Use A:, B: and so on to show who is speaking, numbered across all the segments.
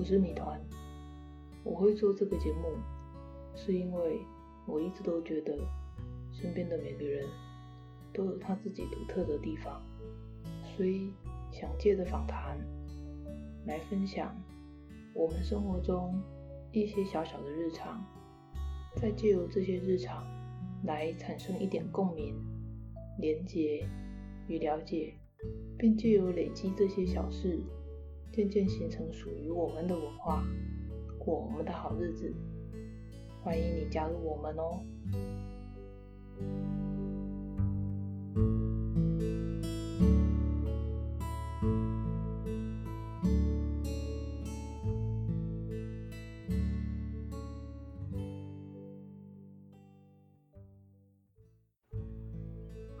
A: 我是米團，我會做這個節目，是因為我一直都覺得身邊的每個人都有他自己獨特的地方，所以想借着訪談來分享我們生活中一些小小的日常，再借由這些日常來產生一點共鳴、連結與了解，並借由累積這些小事。漸漸形成屬於我們的文化，過我們的好日子。歡迎你加入我們哦！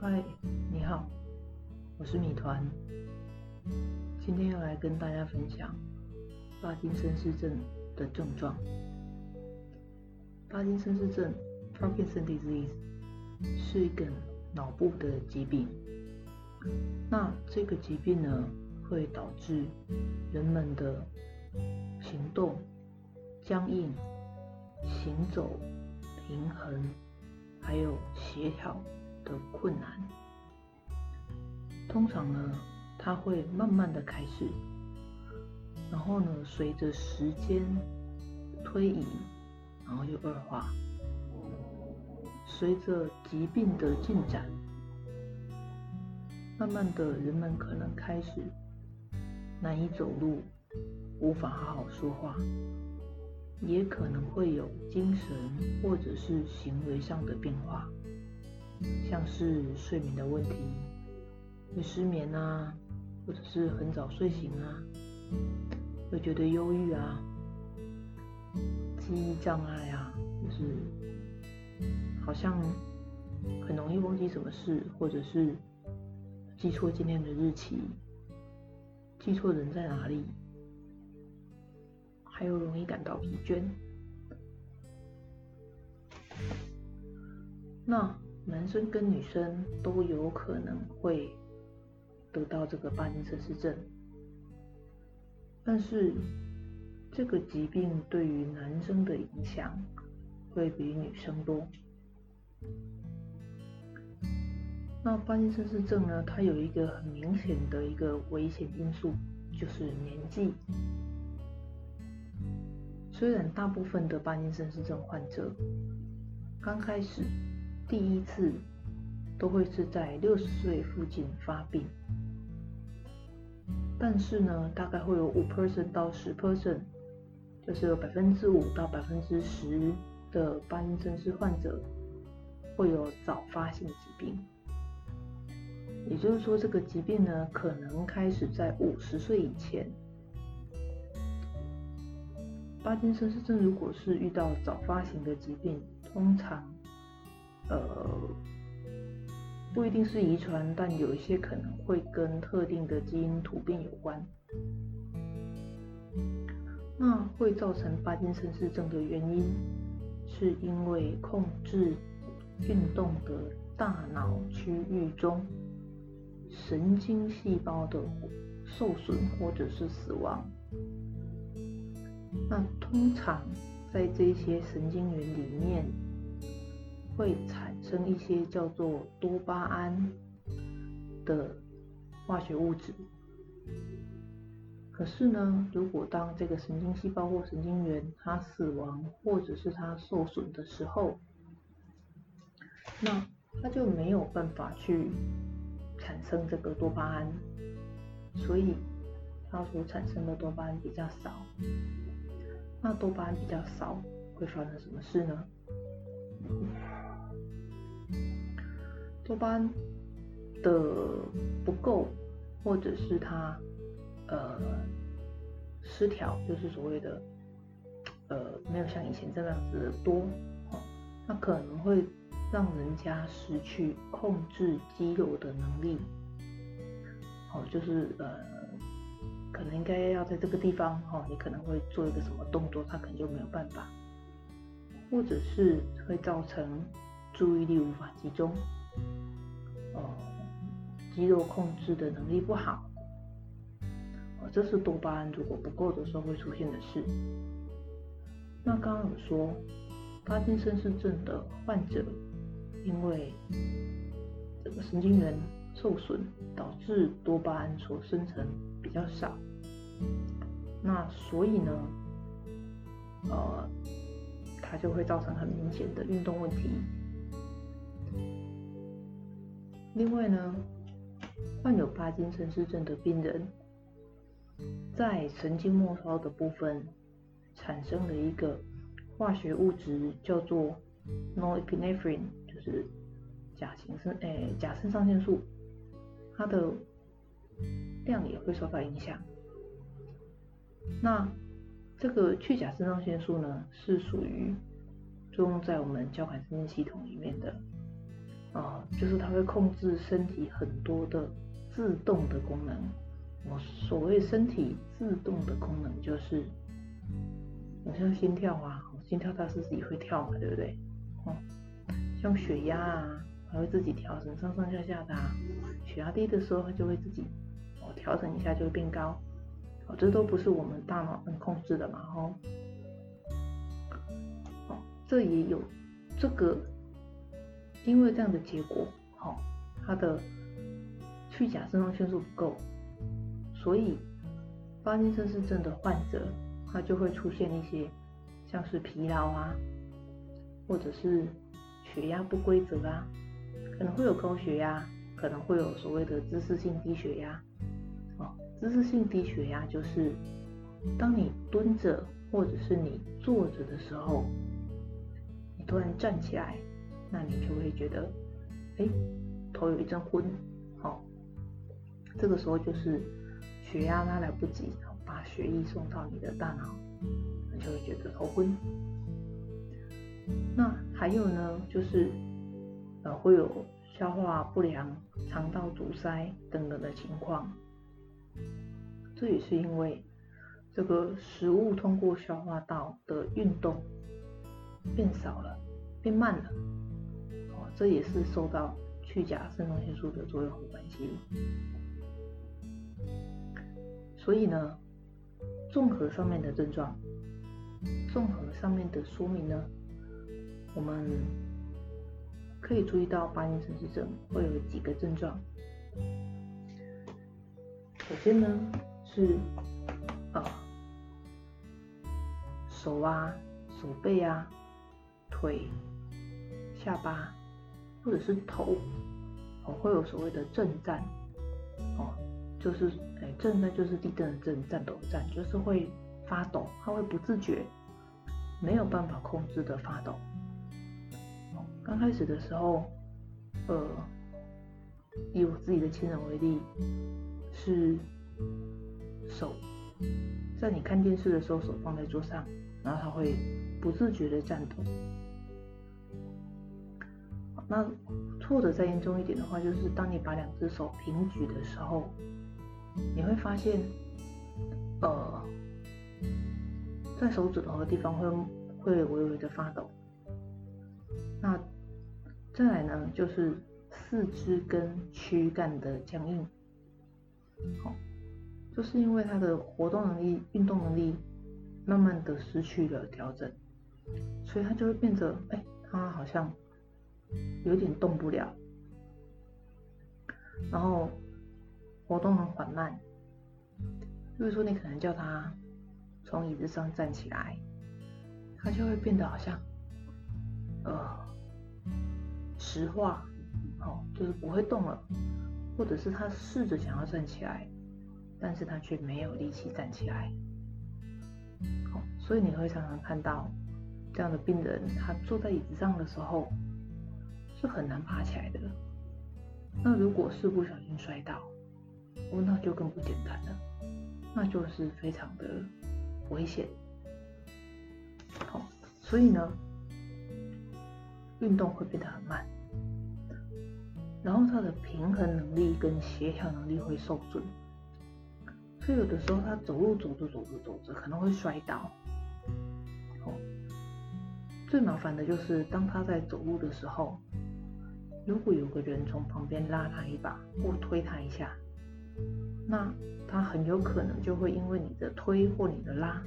A: 嗨，你好，我是米團。跟大家分享，巴金森氏症的症狀。巴金森氏症 （Parkinson's disease） 是一個腦部的疾病。那這個疾病呢，會導致人們的行動僵硬、行走平衡還有協調的困難。通常呢，它會慢慢的開始。然後呢，隨着時間推移，然後又惡化。隨着疾病的進展，慢慢的人們可能開始難以走路，無法好好說話，也可能會有精神或者是行為上的變化，像是睡眠的問題，會失眠啊，或者是很早睡醒啊。會覺得憂鬱啊，記憶障礙啊，就是好像很容易忘記什麼事，或者是記錯今天的日期，記錯人在哪裡，還有容易感到疲倦。那男生跟女生都有可能會得到這個巴金森氏症。但是，這個疾病對於男生的影響會比女生多。那巴金森氏症呢，它有一個很明顯的一個危險因素，就是年紀。雖然大部分的巴金森氏症患者剛開始第一次都會是在六十歲附近發病。但是呢，大概會有五 percent 到十 percent 就是有百分之五到百分之十的巴金森氏患者會有早發性疾病。也就是說，這個疾病呢，可能開始在五十歲以前。巴金森氏症如果是遇到早發型的疾病，通常，呃。不一定是遺傳，但有一些可能會跟特定的基因突變有關。那會造成巴金森氏症的原因，是因為控制運動的大腦區域中神經細胞的受損或者是死亡。那通常在這些神經元裡面。會產生一些叫做多巴胺的化學物質。可是呢，如果當這個神經細胞或神經元它死亡或者是它受損的時候，那它就沒有辦法去產生這個多巴胺，所以它所產生的多巴胺比較少。那多巴胺比較少，會發生什麼事呢？多巴胺的不夠，或者是他呃失調，就是所謂的呃沒有像以前這樣子的多，那、哦、可能會讓人家失去控制肌肉的能力，哦、就是呃可能應該要在這個地方、哦，你可能會做一個什麼動作，他可能就沒有辦法，或者是會造成注意力無法集中。哦，肌肉控制的能力不好，哦，這是多巴胺如果不夠的時候會出現的事。那剛剛有說，帕金森氏症的患者，因為這個神經元受損，導致多巴胺所生成比較少，那所以呢，呃，它就會造成很明顯的運動問題。另外呢，患有巴金森氏症的病人，在神經末梢的部分產生了一個化學物質，叫做 norepinephrine，就是甲型腎誒甲腎上腺素，它的量也會受到影響。那這個去甲腎上腺素呢，是屬於作用在我們交感神經系統裡面的。啊、哦，就是它會控制身體很多的自動的功能。我、哦、所謂身體自動的功能，就是，像心跳啊，心跳它是自己會跳嘛，對不對？哦，像血壓啊，它會自己調整上上下下的。啊，血壓低的時候，它就會自己哦調整一下，就會變高。哦，這都不是我們大腦能控制的嘛，吼、哦。哦，這也有這個。因為這樣的結果，好，它的去甲腎上腺素不夠，所以巴金森氏症的患者，他就會出現一些像是疲勞啊，或者是血壓不規則啊，可能會有高血壓，可能會有所謂的姿勢性低血壓。哦，姿勢性低血壓就是當你蹲着或者是你坐着的時候，你突然站起來。那你就會覺得，哎、欸，頭有一陣昏，好、哦，這個時候就是血壓它來不及把血液送到你的大腦，你就會覺得頭昏。那還有呢，就是呃會有消化不良、腸道阻塞等等的情況，這也是因為這個食物通過消化道的運動變少了、變慢了。這也是受到去甲腎上腺素的作用和關係，所以呢，綜合上面的症狀，綜合上面的說明呢，我們可以注意到巴金森氏症會有幾個症狀。首先呢，是啊，手啊，手背啊，腿，下巴。或者是頭，哦、喔，會有所謂的震顫，哦、喔，就是，哎、欸，震呢就是地震的震，顫抖的顫，就是會發抖，他會不自覺，沒有辦法控制的發抖。剛、喔、開始的時候，呃，以我自己的親人為例，是手，在你看電視的時候，手放在桌上，然後他會不自覺的顫抖。那錯的再嚴重一點的話，就是當你把兩隻手平舉的時候，你會發現，呃，在手指頭的地方會會微微的發抖。那再來呢，就是四肢跟軀幹的僵硬，好，就是因為他的活動能力、運動能力慢慢的失去了調整，所以他就會變得，哎、欸，他好像。有點動不了，然後活動很緩慢。比如說，你可能叫他從椅子上站起來，他就會變得好像，呃，石化，好，就是不會動了，或者是他試着想要站起來，但是他卻沒有力氣站起來。好，所以你會常常看到這樣的病人，他坐在椅子上的時候。是很難爬起來的。那如果是不小心摔倒，哦，那就更不簡單了，那就是非常的危險。好、哦，所以呢，運動會變得很慢，然後他的平衡能力跟協調能力會受損，所以有的時候他走路走着走着走着可能會摔倒。好、哦，最麻煩的就是當他在走路的時候。如果有個人從旁邊拉他一把或推他一下，那他很有可能就會因為你的推或你的拉，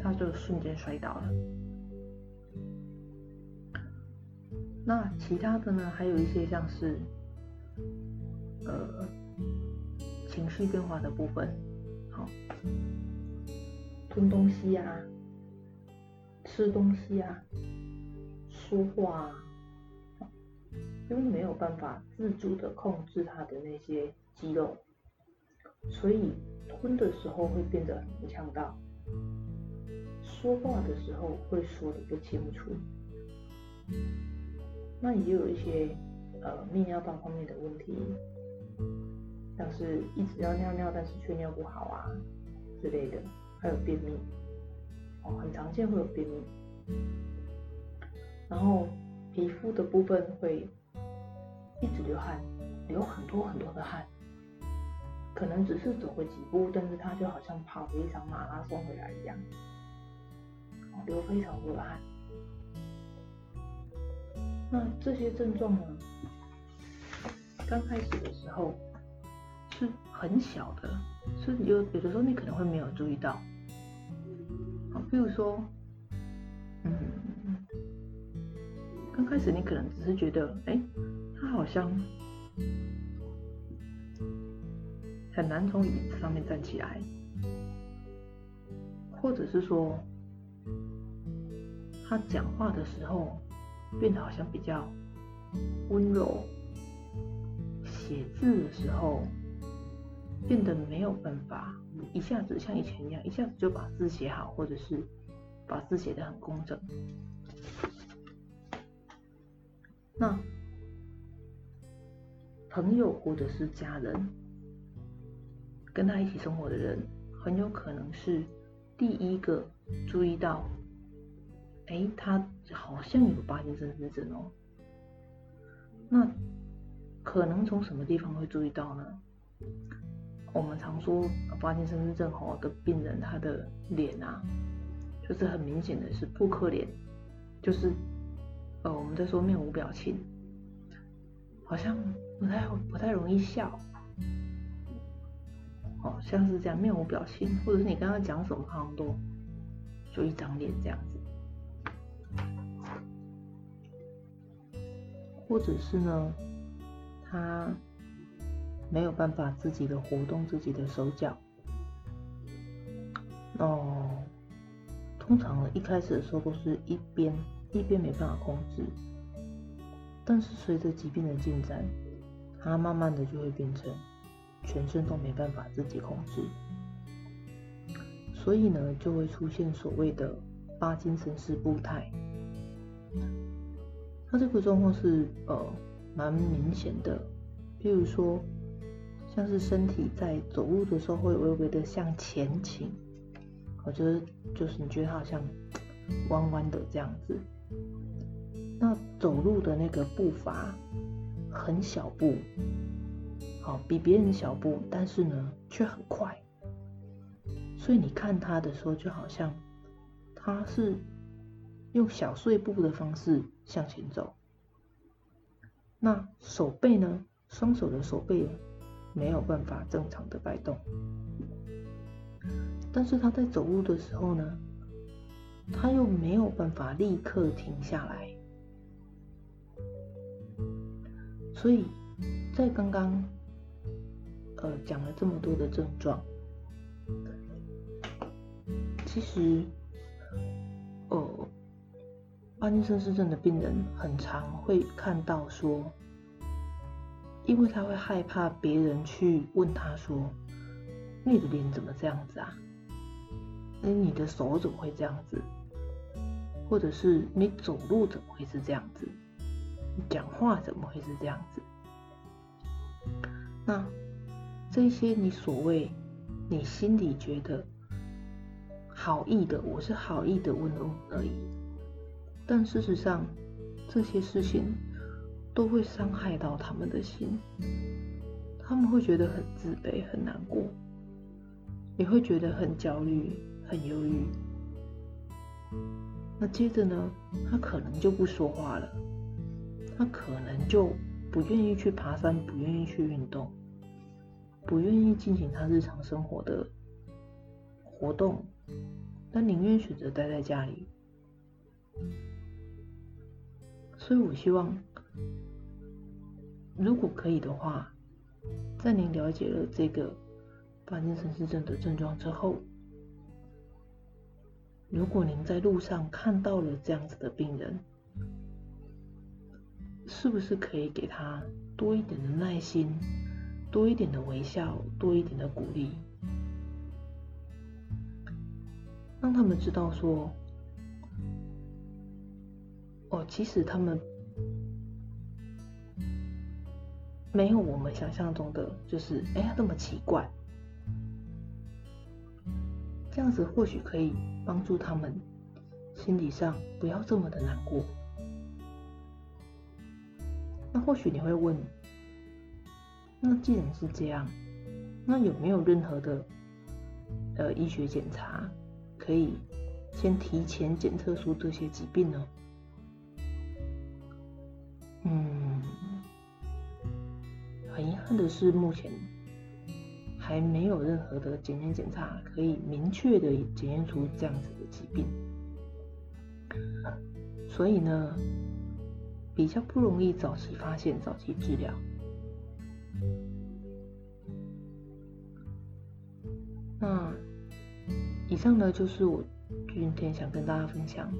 A: 他就瞬間摔倒了。那其他的呢？還有一些像是，呃，情緒變化的部分，好，吞東西呀、啊，吃東西呀、啊，說話。因為沒有辦法自主的控制他的那些肌肉，所以吞的時候會變得很嗆到，說話的時候會說得不清楚。那也有一些呃泌尿道方面的問題，像是一直要尿尿但是卻尿不好啊之類的，還有便秘，哦，很常見會有便秘。然後皮膚的部分會。一直流汗，流很多很多的汗，可能只是走個幾步，但是他就好像跑了一場馬拉松回來一樣，流非常多的汗。那這些症狀呢，剛開始的時候是很小的，是有有的時候你可能會沒有注意到，好，比如說，嗯，剛開始你可能只是覺得，哎、欸。他好像很難從椅子上面站起來，或者是說，他講話的時候變得好像比較溫柔，寫字的時候變得沒有辦法一下子像以前一樣，一下子就把字寫好，或者是把字寫的很工整。那朋友或者是家人跟他一起生活的人，很有可能是第一個注意到，哎、欸，他好像有巴金森氏症哦、喔。那可能從什麼地方會注意到呢？我們常說巴金森氏症，候的病人他的臉啊，就是很明顯的是撲克臉，就是呃，我們在說面無表情，好像。不太不太容易笑，哦，像是這樣面無表情，或者是你剛剛講什麼很多，就一張臉這樣子，或者是呢，他沒有辦法自己的活動，自己的手腳，哦，通常一開始的時候都是一邊一邊沒辦法控制，但是隨着疾病的進展。它慢慢的就會變成全身都沒辦法自己控制，所以呢，就會出現所謂的巴金森氏步態。它這個狀況是呃蠻明顯的，譬如說像是身體在走路的時候會微微的向前傾，我覺得、就是、就是你覺得它好像彎彎的這樣子，那走路的那個步伐，很小步，好比別人小步，但是呢，卻很快，所以你看他的時候，就好像他是用小碎步的方式向前走。那手背呢，雙手的手背沒有辦法正常的擺動，但是他在走路的時候呢，他又沒有辦法立刻停下來。所以在剛剛呃講了這麼多的症狀，其實呃巴金森氏症的病人很常會看到說，因為他會害怕別人去問他說，你的臉怎麼這樣子啊？欸，你的手怎麼會這樣子？或者是你走路怎麼會是這樣子？你講話怎麼會是這樣子？那這些你所謂你心裡覺得好意的，我是好意的問候而已，但事實上這些事情都會傷害到他們的心，他們會覺得很自卑、很難過，也會覺得很焦慮、很憂鬱。那接着呢，他可能就不說話了。他可能就不願意去爬山，不願意去運動，不願意進行他日常生活的活動，他寧願選擇待在家裡。所以我希望，如果可以的話，在您了解了這個巴金森氏症的症狀之後，如果您在路上看到了這樣子的病人，是不是可以給他多一點的耐心，多一點的微笑，多一點的鼓勵，讓他們知道說，哦，其實他們沒有我們想象中的，就是哎呀，這麼奇怪。這樣子或許可以幫助他們心理上不要這麼的難過。那或許你會問，那既然是這樣，那有沒有任何的呃醫學檢查可以先提前檢測出這些疾病呢？嗯，很遺憾的是，目前還沒有任何的檢驗檢查可以明確的檢驗出這樣子的疾病，所以呢。比較不容易早期發現，早期治療。那以上呢，就是我今天想跟大家分享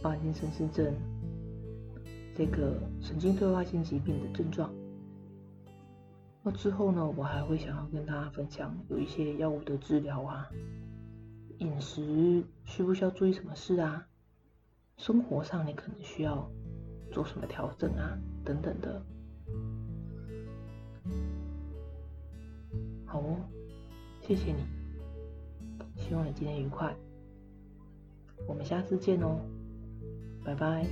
A: 巴金森氏症這個神經退化性疾病的症狀。那之後呢，我還會想要跟大家分享有一些藥物的治療啊，飲食需不需要注意什麼事啊？生活上你可能需要。做什麼調整啊？等等的。好哦，謝謝你。希望你今天愉快。我們下次見哦，拜拜。